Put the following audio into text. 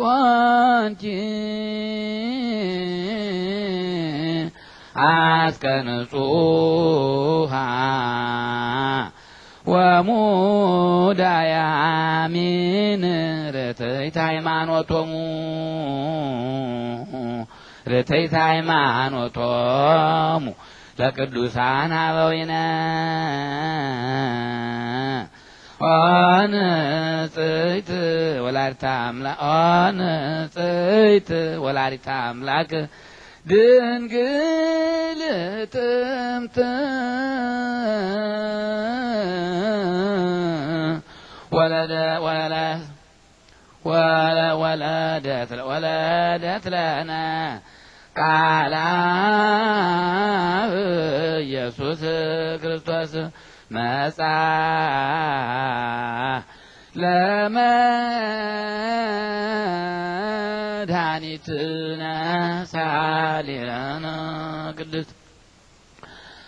ቆንጂ አስቀንጹሃ ወሙዳያሚን ርትይት ሃይማኖቶሙ ርትይት ሃይማኖቶሙ ለቅዱሳን አበዊነ ንጽሕት ወላዲተ አምላክ ኦ ንጽሕት ወላዲተ አምላክ ድንግል ጥምት ወለደ ወለ ወለደት ወለደት ለነ ቃላ ኢየሱስ ክርስቶስ መጻ ለመድኃኒትነ ሳሌነ ቅድስት